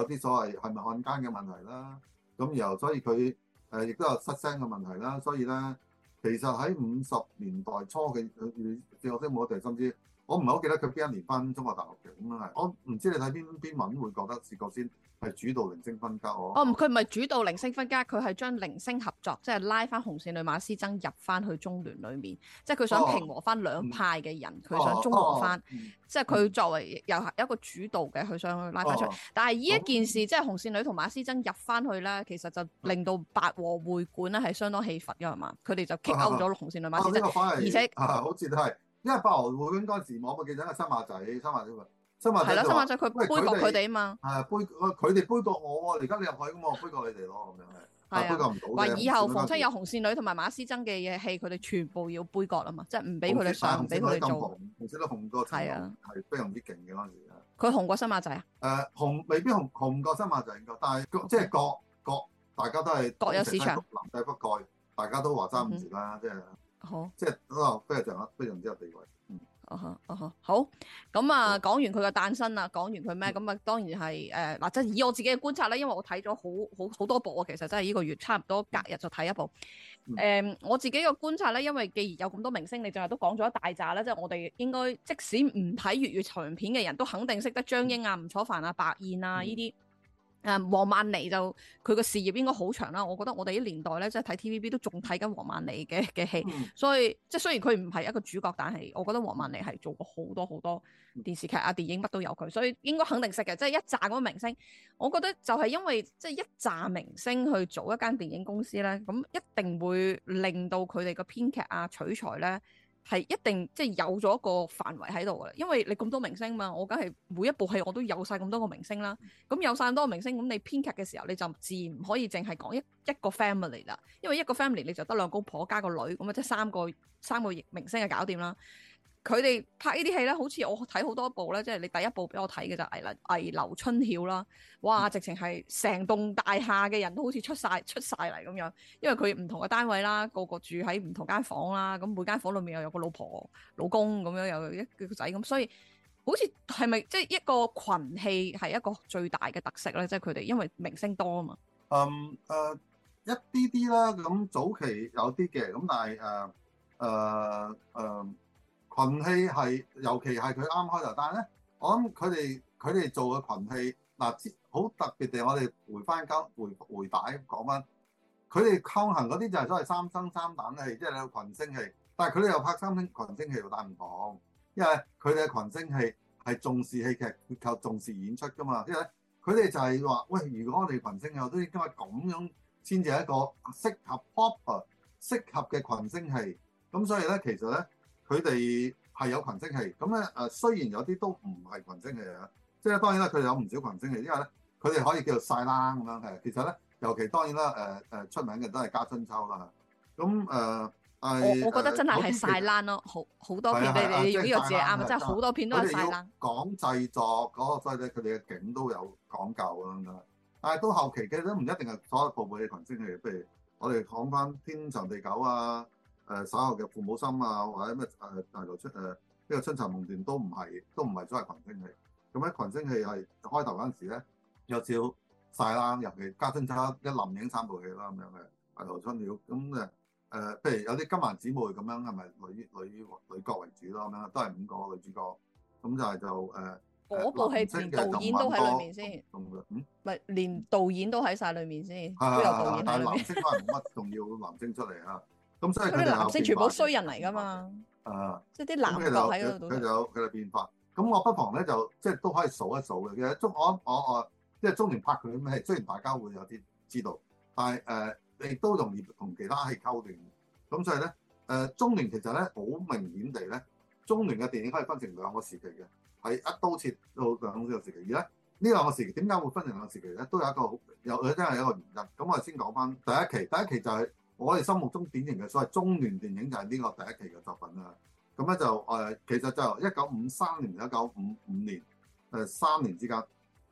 有啲所謂係咪漢奸嘅問題啦。咁然後所以佢誒亦都有失聲嘅問題啦。所以咧，其實喺五十年代初嘅，你借我聲冇一定，甚至。我唔係好記得佢邊一年翻中國大陸嘅，咁樣係，我唔知你睇邊邊文會覺得薛覺先係主導伶星分家哦。哦，佢唔係主導伶星分家，佢係將伶星合作即係、就是、拉翻紅線女馬師曾入翻去中聯裡面，即係佢想平和翻兩派嘅人，佢、哦嗯哦哦、想中和翻，即係佢作為又係一個主導嘅，佢想他拉出去拉翻出。哦哦、但係呢一件事即係紅線女同馬師曾入翻去咧，其實就令到八和會館咧係相當氣憤嘅係嘛，佢哋就激嬲咗紅線女馬師曾，哦哦哦這個、而且、啊、好似都係。因為白豪湖嗰陣時，我咪記緊係新馬仔、新馬小妹、新馬仔佢杯葛佢哋啊嘛。係啊，杯葛佢哋杯葛我喎。而家你入去咁我杯葛你哋咯咁樣係。係啊，杯葛唔到。以後逢親有紅線女同埋馬師曾嘅嘢戲，佢哋全部要杯葛啊嘛，即係唔俾佢哋上，唔俾佢哋做。紅線女紅過。係啊，係非常之勁嘅嗰陣時佢紅過新馬仔啊？誒，紅未必紅，紅過新馬仔應該，但係即係各各大家都係各有市場。南帝北蓋，大家都話爭唔住啦，即係。好，即係嗱非常之，非常之有地位。嗯，哦好，哦好，咁啊，講好完佢嘅誕生啊，講完佢咩？咁啊，當然係誒、呃，即係以我自己嘅觀察咧，因為我睇咗好好好多部啊，其實真係呢個月差唔多隔日就睇一部。誒、嗯嗯，我自己嘅觀察咧，因為既然有咁多明星，你淨係都講咗一大扎咧，即係我哋應該即使唔睇粵語長片嘅人都肯定識得張瑛啊、吳楚帆啊、白燕啊呢啲。誒、嗯，黃曼梨就佢個事業應該好長啦。我覺得我哋呢年代咧，即係睇 TVB 都仲睇緊黃曼梨嘅嘅戲，所以即係雖然佢唔係一個主角，但係我覺得黃曼梨係做過好多好多電視劇啊、電影乜都有佢，所以應該肯定識嘅。即係一紮咁明星，我覺得就係因為即係一紮明星去做一間電影公司咧，咁一定會令到佢哋嘅編劇啊、取材咧。係一定即係、就是、有咗一個範圍喺度嘅，因為你咁多明星嘛，我梗係每一部戲我都有晒咁多個明星啦。咁有晒咁多個明星，咁你編劇嘅時候你就自然唔可以淨係講一一個 family 啦，因為一個 family 你就得兩公婆加個女，咁啊即係三個三個明星嘅搞掂啦。佢哋拍呢啲戲咧，好似我睇好多部咧，即係你第一部俾我睇嘅就係《危危樓春曉》啦，哇！直情係成棟大廈嘅人都好似出晒出曬嚟咁樣，因為佢唔同嘅單位啦，個個住喺唔同間房啦，咁每間房裏面又有個老婆、老公咁樣，又有一個仔咁，所以好似係咪即係一個群戲係一個最大嘅特色咧？即係佢哋因為明星多啊嘛。嗯、um, uh,，誒一啲啲啦，咁早期有啲嘅，咁但係誒誒誒。Uh, uh, uh, 群戲係尤其係佢啱開頭，但係咧，我諗佢哋佢哋做嘅群戲嗱好、啊、特別地，我哋回翻交回回，回，回帶講返，佢哋抗衡嗰啲就係所謂三生三旦嘅戲，即係啲群星戲。但係佢哋又拍三星群星戲又打唔過，因為佢哋嘅群星戲係重視戲劇，佢靠重視演出㗎嘛。因為咧，佢哋就係話：喂，如果我哋群星戲我都應該咁樣先至係一個適合 proper 適合嘅群星戲，咁所以咧，其實咧。佢哋係有群星戲，咁咧誒，雖然有啲都唔係群星戲啊，即係當然啦，佢哋有唔少群星戲，因為咧佢哋可以叫做晒冷咁樣，係其實咧，尤其當然啦誒誒出名嘅都係《家春秋》啦，咁、呃、誒我我覺得真係係晒冷咯，好好期多片俾你用到字眼啊，真係好多片都係晒冷。講製作嗰個，所以咧佢哋嘅景都有講究啦。但係到後期其實都唔一定係所有部部嘅群星戲，譬如我哋講翻《天長地久》啊。誒，稍後嘅父母心啊，或者咩誒大頭出，誒、呃、呢、呃這個春殘夢斷都唔係，都唔係所謂群星戲。咁、嗯、咧、呃，群星戲係開頭嗰陣時咧，有少少晒冷啦，尤其家春秋一連影三部戲、呃、啦，咁樣嘅大頭春了。咁誒誒，譬如有啲金蘭姊妹咁樣，係咪女女女角為主咯？咁樣都係五個女主角。咁、嗯、就係、是、就誒，嗰、呃、那部戲導演都喺裏面先，唔係、嗯、連導演都喺晒裏面先，都、啊、有導演 *laughs* 但係男星可能冇乜重要男，男星出嚟嚇。咁所以佢哋有變全部衰人嚟㗎嘛？誒，即係啲男嘅角喺度。佢有佢哋變化。咁、嗯、我不妨咧就即係都可以數一數嘅。其實中我我我即係中聯拍佢咩？雖然大家會有啲知道，但係你亦都容易同其他戲溝定。咁所以咧誒、呃、中聯其實咧好明顯地咧，中聯嘅電影可以分成兩個時期嘅，係一刀切到兩個時期。而咧呢兩個時期點解會分成兩個時期咧？都有一個好又真係一個原因。咁我哋先講返第一期，第一期就係、是。我哋心目中典型嘅所謂中聯電影就係呢個第一期嘅作品啦。咁咧就誒，其實就一九五三年、一九五五年誒三、呃、年之間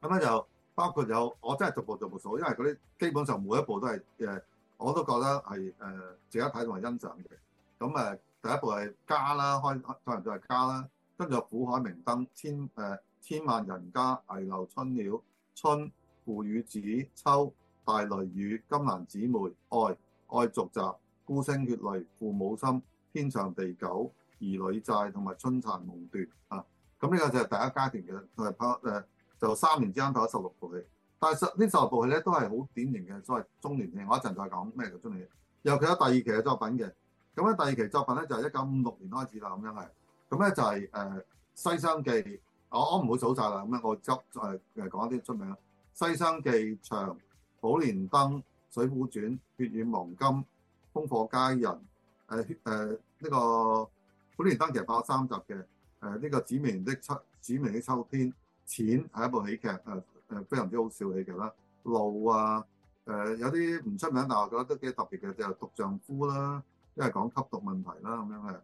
咁咧就包括有我真係逐步逐步數，因為嗰啲基本上每一部都係誒、呃，我都覺得係誒、呃、值得睇同埋欣賞嘅。咁、呃、誒第一部係《家》啦，開再唔再係《家》啦？跟住有《苦海明燈》、呃《千誒千萬人家》、《危樓春鳥》、《春》、《父與子》、《秋》、《大雷雨》、《金蘭姊妹》、《愛》。愛續集、孤星血淚、父母心、天長地久、兒女債同埋春殘夢斷啊！咁呢個就係第一階段嘅，佢係拍誒就三年之間拍咗十六部戲。但係十呢十六部戲咧都係好典型嘅所謂中年戲。我一陣再講咩叫中年戲。尤其係第二期嘅作品嘅。咁咧第二期作品咧就係一九五六年開始啦，咁樣係。咁咧就係誒《西廂記》我，我我唔好數晒啦，咁樣我執誒誒講一啲出名《西廂記場》、《長寶蓮燈》。《水滸傳》、《血染黃金》、《烽火佳人》啊、誒、誒呢個《虎年單騎》其實拍咗三集嘅，誒、啊、呢、這個名《指明的秋》《子明的秋天》，錢係一部喜劇，誒、啊、誒、啊啊、非常之好笑喜劇啦。路啊，誒、啊啊、有啲唔出名，但我覺得都幾特別嘅，就係《毒丈夫》啦、啊，因為講吸毒問題啦咁樣嘅。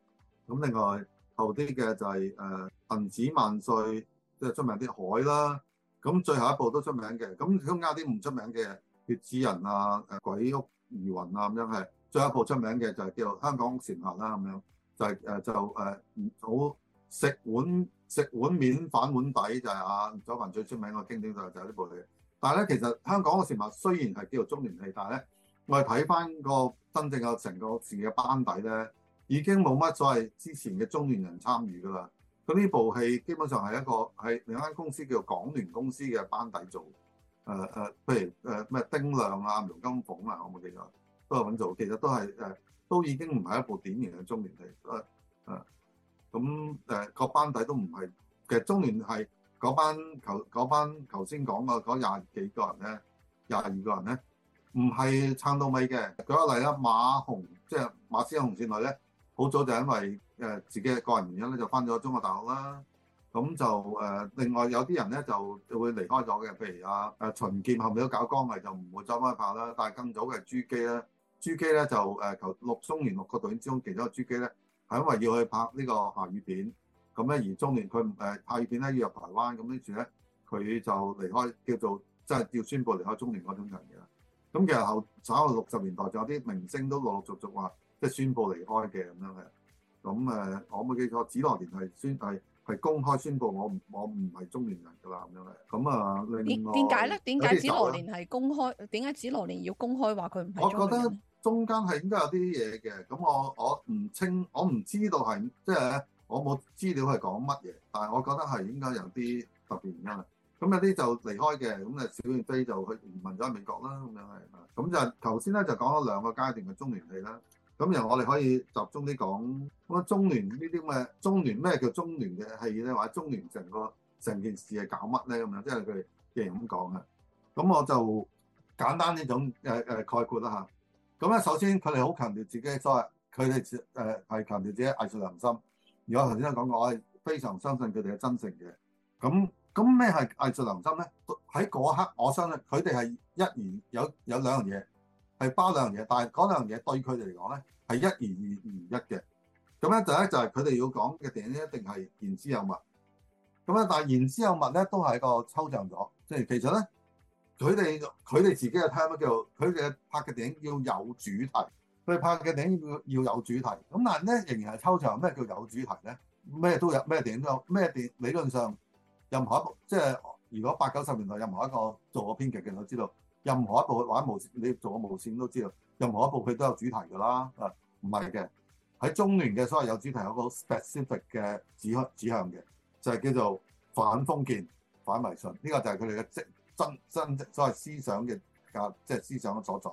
咁另外後啲嘅就係、是、誒《銀、啊、子萬歲》，即係出名啲海啦。咁最後一部都出名嘅，咁中間啲唔出名嘅。血紙人啊，誒、呃、鬼屋疑雲啊，咁樣係最後一部出名嘅就係叫做《香港賊客》啦、啊，咁樣就係、是、誒、呃、就誒、呃、早食碗食碗面反碗底，就係啊吳楚帆最出名嘅經典就係就係呢部戲。但係咧，其實香港嘅賊客雖然係叫做中聯戲，但係咧我哋睇翻個真正有成個自己嘅班底咧，已經冇乜所謂之前嘅中聯人參與㗎啦。咁呢部戲基本上係一個係另一間公司叫做港聯公司嘅班底做。誒誒、呃，譬如誒咩、呃、丁亮啊、苗金鳳啊，我冇記得，都係揾做。其實都係誒、呃，都已經唔係一部典型嘅中聯系。誒、呃，咁誒個班底都唔係。其實中聯係嗰班，頭班，頭先講個嗰廿幾個人咧，廿二個人咧，唔係撐到尾嘅。舉、那個例啦，馬洪，即、就、係、是、馬師曾紅線女之女咧，好早就因為誒自己嘅個人原因咧，就翻咗中國大學啦。咁就誒、呃，另外有啲人咧就會離開咗嘅。譬如啊，誒、呃、秦劍後面都搞光藝就唔會再開拍啦。但係更早嘅珠璣咧，珠璣咧就誒求、呃、六中聯六個導演之中，其中一個珠璣咧係因為要去拍呢個廈語片，咁咧而中聯佢誒廈語片咧要入台灣，咁跟住咧佢就離開，叫做即係要宣佈離開中聯嗰種人嘅。咁其實後稍後六十年代就有啲明星都陸陸續續話即係宣佈離開嘅咁樣嘅。咁誒，我冇記錯，紫羅蓮係宣係。係公開宣布，我唔我唔係中年人㗎啦咁樣嘅、啊，咁啊另外點解咧？點解紫羅蓮係公開？點解紫羅蓮要公開話佢唔係？我覺得中間係應該有啲嘢嘅，咁我我唔清，我唔知道係即係咧，我冇資料係講乜嘢，但係我覺得係應該有啲特別原因，咁有啲就離開嘅，咁啊小燕飛就去移民咗美國啦，咁樣係、啊，咁就頭先咧就講咗兩個階段嘅中年戲啦。咁又我哋可以集中啲講，咁啊中聯呢啲咁嘅中聯咩叫中聯嘅係咧，或者中聯成個成件事係搞乜咧咁樣，即係佢哋既然咁講嘅，咁我就簡單呢種誒誒概括啦吓，咁咧首先佢哋好強調自己所謂，佢哋誒係強調自己藝術良心。如果頭先都講過，我係非常相信佢哋嘅真誠嘅。咁咁咩係藝術良心咧？喺嗰刻我相信佢哋係一言有有兩樣嘢。係包兩樣嘢，但係嗰兩樣嘢對佢哋嚟講咧係一而二，二而一嘅。咁咧就咧就係佢哋要講嘅電影一定係言之有物。咁咧但係言之有物咧都係一個抽象咗，即係其實咧佢哋佢哋自己嘅睇乜叫佢哋拍嘅電影要有主題，佢哋拍嘅電影要要有主題。咁但係咧仍然係抽象。咩叫有主題咧？咩都有，咩電影都有，咩電理論上任何一部，即係如果八九十年代任何一個做過編劇嘅人都知道。任何一部玩無線，你做過無線都知道，任何一部佢都有主題㗎啦。啊，唔係嘅，喺中聯嘅，所謂有主題，有個 specific 嘅指向指向嘅，就係、是、叫做反封建、反迷信。呢、這個就係佢哋嘅即真真所謂思想嘅格，即係思想嘅所在，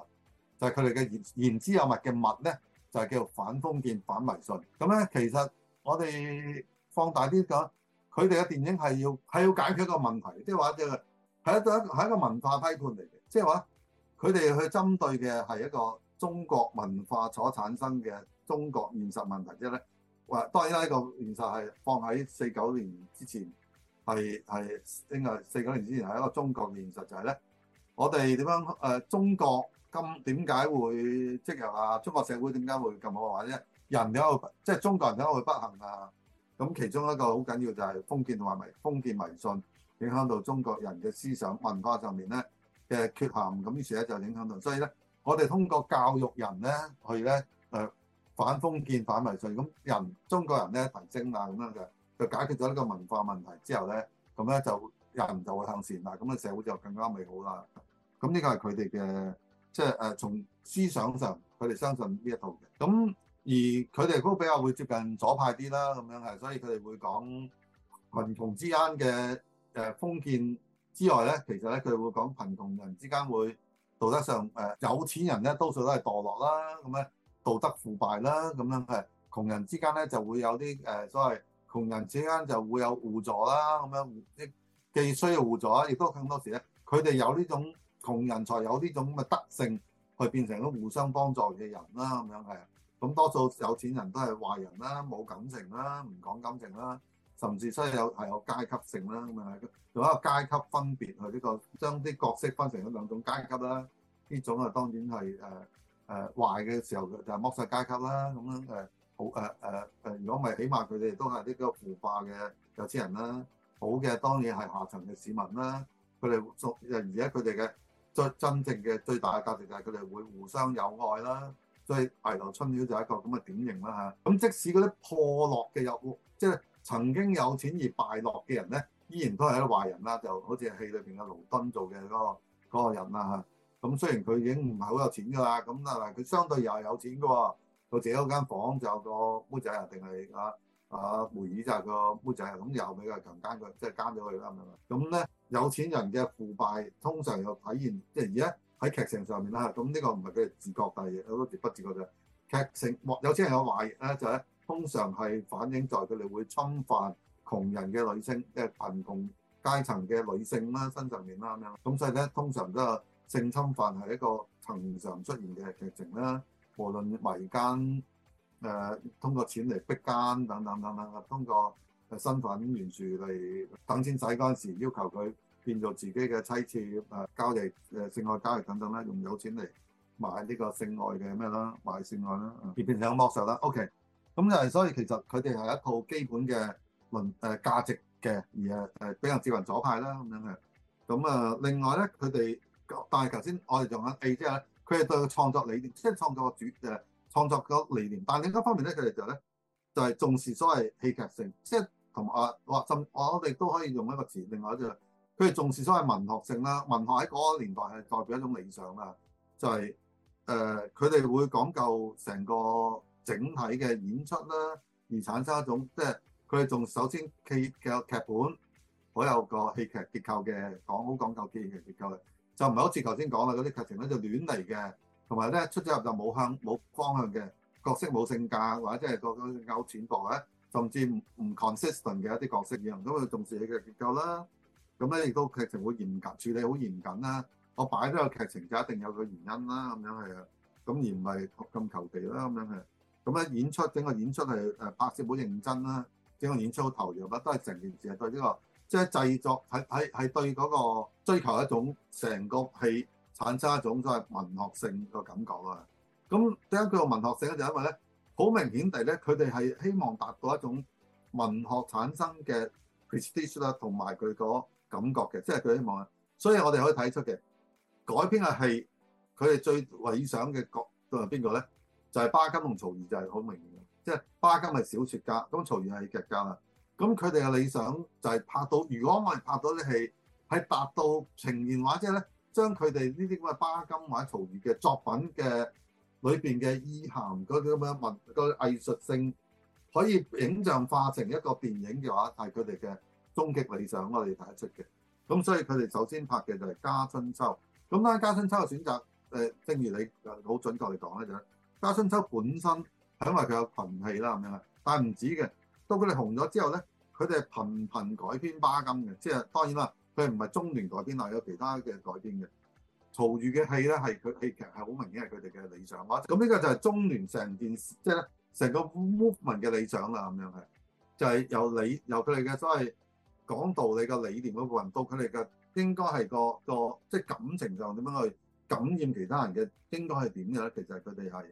就係佢哋嘅言言之有物嘅物咧，就係叫做反封建、反迷信。咁咧，其實我哋放大啲講，佢哋嘅電影係要係要解決一個問題，即係話就係一對一係一個文化批判嚟。即係話，佢哋去針對嘅係一個中國文化所產生嘅中國現實問題啫。咧話當然啦，呢個現實係放喺四九年之前係係應該係四九年之前係一個中國現實，就係咧，我哋點樣誒中國咁點解會即係話中國社會點解會咁惡化咧？人一個即係中國人點解會不幸啊？咁其中一個好緊要就係封建同埋封建迷信影響到中國人嘅思想文化上面咧。嘅缺陷咁，於是咧就影響到。所以咧，我哋通過教育人咧，去咧誒反封建、反迷信。咁人中國人咧提升啦，咁樣嘅，就解決咗呢個文化問題之後咧，咁咧就人就會向善啦。咁嘅社會就更加美好啦。咁呢個係佢哋嘅，即係誒從思想上佢哋相信呢一套嘅。咁而佢哋都比較會接近左派啲啦，咁樣係，所以佢哋會講羣眾之間嘅誒封建。之外咧，其實咧佢會講貧窮人之間會道德上誒、呃、有錢人咧多數都係墮落啦，咁咧道德腐敗啦，咁樣係窮人之間咧就會有啲誒、呃、所謂窮人之間就會有互助啦，咁樣既需要互助啦，亦都更多時咧佢哋有呢種窮人才有呢種咁嘅德性，去變成咗互相幫助嘅人啦，咁樣係，咁多數有錢人都係壞人啦，冇感情啦，唔講感情啦。甚至真係有係有階級性啦，咁啊，有一個階級分別佢呢個將啲角色分成兩兩種階級啦。呢種啊當然係誒誒壞嘅時候就剝削階級啦，咁樣誒好誒誒誒，如果唔係起碼佢哋都係呢個腐化嘅有錢人啦。好嘅當然係下層嘅市民啦，佢哋做而家佢哋嘅最真正嘅最大嘅價值就係佢哋會互相友愛啦。所以《危樓春曉》就係一個咁嘅典型啦嚇。咁即使嗰啲破落嘅有即係。曾經有錢而敗落嘅人咧，依然都係啲壞人啦，就好似戲裏邊嘅盧敦做嘅嗰、嗰個嗰個人啦嚇。咁、嗯、雖然佢已經唔係好有錢㗎啦，咁但係，佢相對又係有錢嘅喎，佢自己間房就有個妹仔啊，定係啊啊梅就係個妹仔啊，咁、嗯、又俾佢強奸佢即係奸咗佢啦，明唔明啊？咁咧，有錢人嘅腐敗通常有體現，即係而家喺劇情上面啦。咁呢、嗯嗯呢個唔係佢哋自覺，但係好多時不自覺嘅劇情。有錢人有壞嘅咧，就係、是。通常係反映在佢哋會侵犯窮人嘅女性，即係貧窮階層嘅女性啦、身上面啦咁樣。咁所以咧，通常都係性侵犯係一個層面上出現嘅劇情啦。無論迷奸，誒、呃、通過錢嚟逼奸等等等等，通過誒身份懸殊嚟等錢使嗰陣時，要求佢變做自己嘅妻妾，誒、呃、交易誒、呃、性愛交易等等啦，用有錢嚟買呢個性愛嘅咩啦，買性愛啦，而、嗯、變成個剝削啦。O.K. 咁就係，所以其實佢哋係一套基本嘅論誒價值嘅，而誒誒比較接近左派啦咁樣嘅。咁啊，另外咧，佢哋但係頭先我哋仲講 A 即後咧，佢哋對創作理念，即係創作嘅主誒創作嘅理念。但係另一方面咧，佢哋就咧就係重視所謂戲劇性，即係同啊話甚，我哋都可以用一個詞，另外一樣，佢哋重視所謂文學性啦。文學喺嗰個年代係代表一種理想啊，就係誒佢哋會講究成個。整體嘅演出啦，而產生一種即係佢哋仲首先劇嘅劇，劇本，好有個戲劇結構嘅講好講究戲劇結構啦，就唔係好似頭先講啦，嗰啲劇情咧就亂嚟嘅，同埋咧出咗入就冇向冇方向嘅角色冇性格，或者即係個個拗轉角咧，甚至唔 consistent 嘅一啲角色嘅咁佢重視戲劇結構啦。咁咧亦都劇情會嚴格處理好嚴謹啦。我擺咗個劇情就一定有一個原因啦，咁樣係啊，咁而唔係咁求其啦，咁樣係。咁咧演出，整個演出係誒拍攝好認真啦，整個演出好投入啦，都係成件事係對呢、這個即係、就是、製作係係係對嗰個追求一種成個戲產生一種所謂文學性嘅感覺啦。咁點解叫做文學性咧？就是、因為咧，好明顯地咧，佢哋係希望達到一種文學產生嘅 prestige 啦，同埋佢嗰感覺嘅，即係佢希望。所以我哋可以睇出嘅改編啊，係佢哋最理想嘅角度係邊個咧？就係巴金同曹禺就係好明顯嘅，即係巴金係小說家，咁曹禺係劇家啦。咁佢哋嘅理想就係拍到，如果我哋拍到啲戲，係達到呈現話即係咧，將佢哋呢啲咁嘅巴金或者曹禺嘅作品嘅裏邊嘅意涵嗰啲咁樣文、嗰個藝術性，可以影像化成一個電影嘅話，係佢哋嘅終極理想，我哋睇得出嘅。咁所以佢哋首先拍嘅就係《家春秋》。咁咧，《家春秋》嘅選擇，誒正如你好準確嚟講咧，就係。家春秋本身係因為佢有群戲啦，咁樣嘅，但係唔止嘅。到佢哋紅咗之後咧，佢哋係頻頻改編巴金嘅，即係當然啦，佢唔係中聯改編啊，有其他嘅改編嘅。曹禺嘅戲咧，係佢戲劇係好明顯係佢哋嘅理想。咁呢個就係中聯成件事，即係成個 movement 嘅理想啦，咁樣係就係、是、由理由佢哋嘅所謂講道理嘅理念嗰部分，到佢哋嘅應該係個個即係感情上點樣去感染其他人嘅，應該係點嘅咧？其實佢哋係。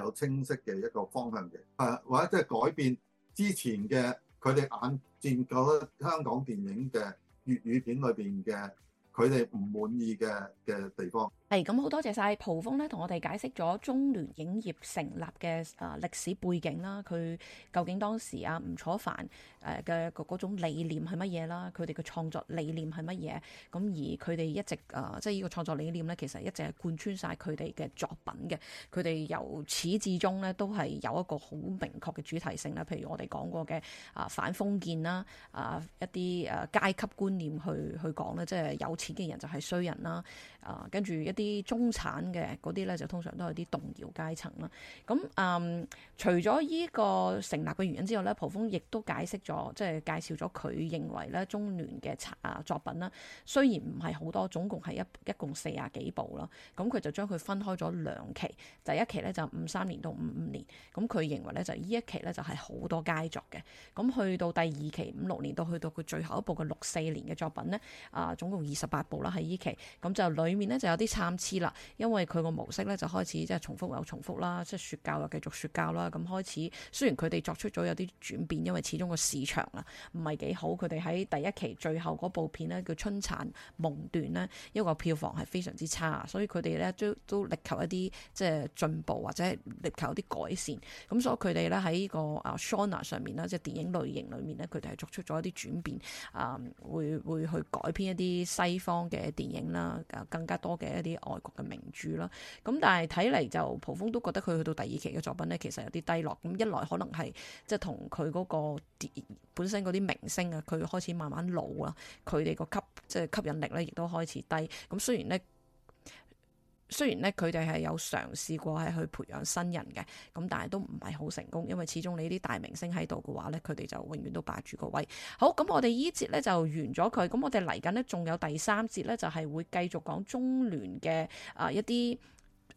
有清晰嘅一個方向嘅，誒、啊、或者即係改變之前嘅佢哋眼見到香港電影嘅粵語片裏邊嘅佢哋唔滿意嘅嘅地方。係咁，好多謝晒蒲鋒咧，同我哋解釋咗中聯影業成立嘅誒歷史背景啦。佢究竟當時阿吳楚帆誒嘅嗰嗰種理念係乜嘢啦？佢哋嘅創作理念係乜嘢？咁而佢哋一直誒、呃，即係呢個創作理念咧，其實一直係貫穿晒佢哋嘅作品嘅。佢哋由始至終咧，都係有一個好明確嘅主題性啦。譬如我哋講過嘅啊反封建啦，啊、呃、一啲誒階級觀念去去講咧，即係有錢嘅人就係衰人啦。啊、呃，跟住一啲中產嘅嗰啲咧，就通常都係啲動搖階層啦。咁嗯，除咗依個成立嘅原因之外咧，蒲鋒亦都解釋咗，即係介紹咗佢認為咧中聯嘅策啊作品啦，雖然唔係好多，總共係一一共四啊幾部啦。咁佢就將佢分開咗兩期，第一期咧就五三年到五五年，咁佢認為咧就依一期咧就係好多佳作嘅。咁去到第二期五六年到去到佢最後一部嘅六四年嘅作品咧啊，總共二十八部啦，喺依期。咁就裡面咧就有啲次啦，因為佢個模式咧就開始即係重複又重複啦，即係説教又繼續説教啦。咁開始雖然佢哋作出咗有啲轉變，因為始終個市場啊唔係幾好。佢哋喺第一期最後嗰部片呢，叫《春殘夢斷》呢，因為個票房係非常之差，所以佢哋咧都都力求一啲即係進步或者係力求一啲改善。咁所以佢哋咧喺呢個啊 genre 上面啦，即係電影類型裡面呢，佢哋係作出咗一啲轉變啊、嗯，會會去改編一啲西方嘅電影啦，更加多嘅一啲。外國嘅名著啦，咁但係睇嚟就蒲鋒都覺得佢去到第二期嘅作品呢，其實有啲低落。咁一來可能係即係同佢嗰個本身嗰啲明星啊，佢開始慢慢老啦，佢哋個吸即係、就是、吸引力呢，亦都開始低。咁雖然呢。雖然咧，佢哋係有嘗試過係去培養新人嘅，咁但係都唔係好成功，因為始終你啲大明星喺度嘅話咧，佢哋就永遠都霸住個位。好，咁我哋呢節咧就完咗佢，咁我哋嚟緊咧仲有第三節咧，就係會繼續講中聯嘅啊一啲。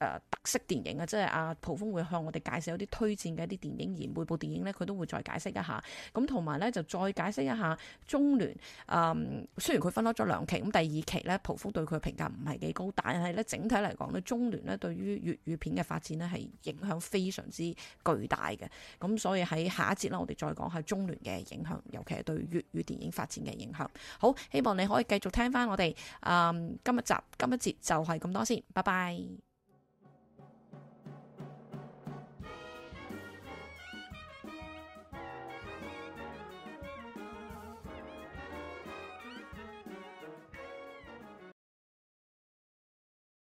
誒，特色電影啊，即係阿蒲鋒會向我哋介紹有啲推薦嘅一啲電影，而每部電影呢，佢都會再解釋一下。咁同埋呢，就再解釋一下中聯誒、嗯。雖然佢分開咗兩期，咁第二期呢，蒲鋒對佢評價唔係幾高，但係呢，整體嚟講呢，中聯呢對於粵語片嘅發展呢係影響非常之巨大嘅。咁所以喺下一節啦，我哋再講下中聯嘅影響，尤其係對粵語電影發展嘅影響。好，希望你可以繼續聽翻我哋誒、嗯、今日集今日節就係咁多先，拜拜。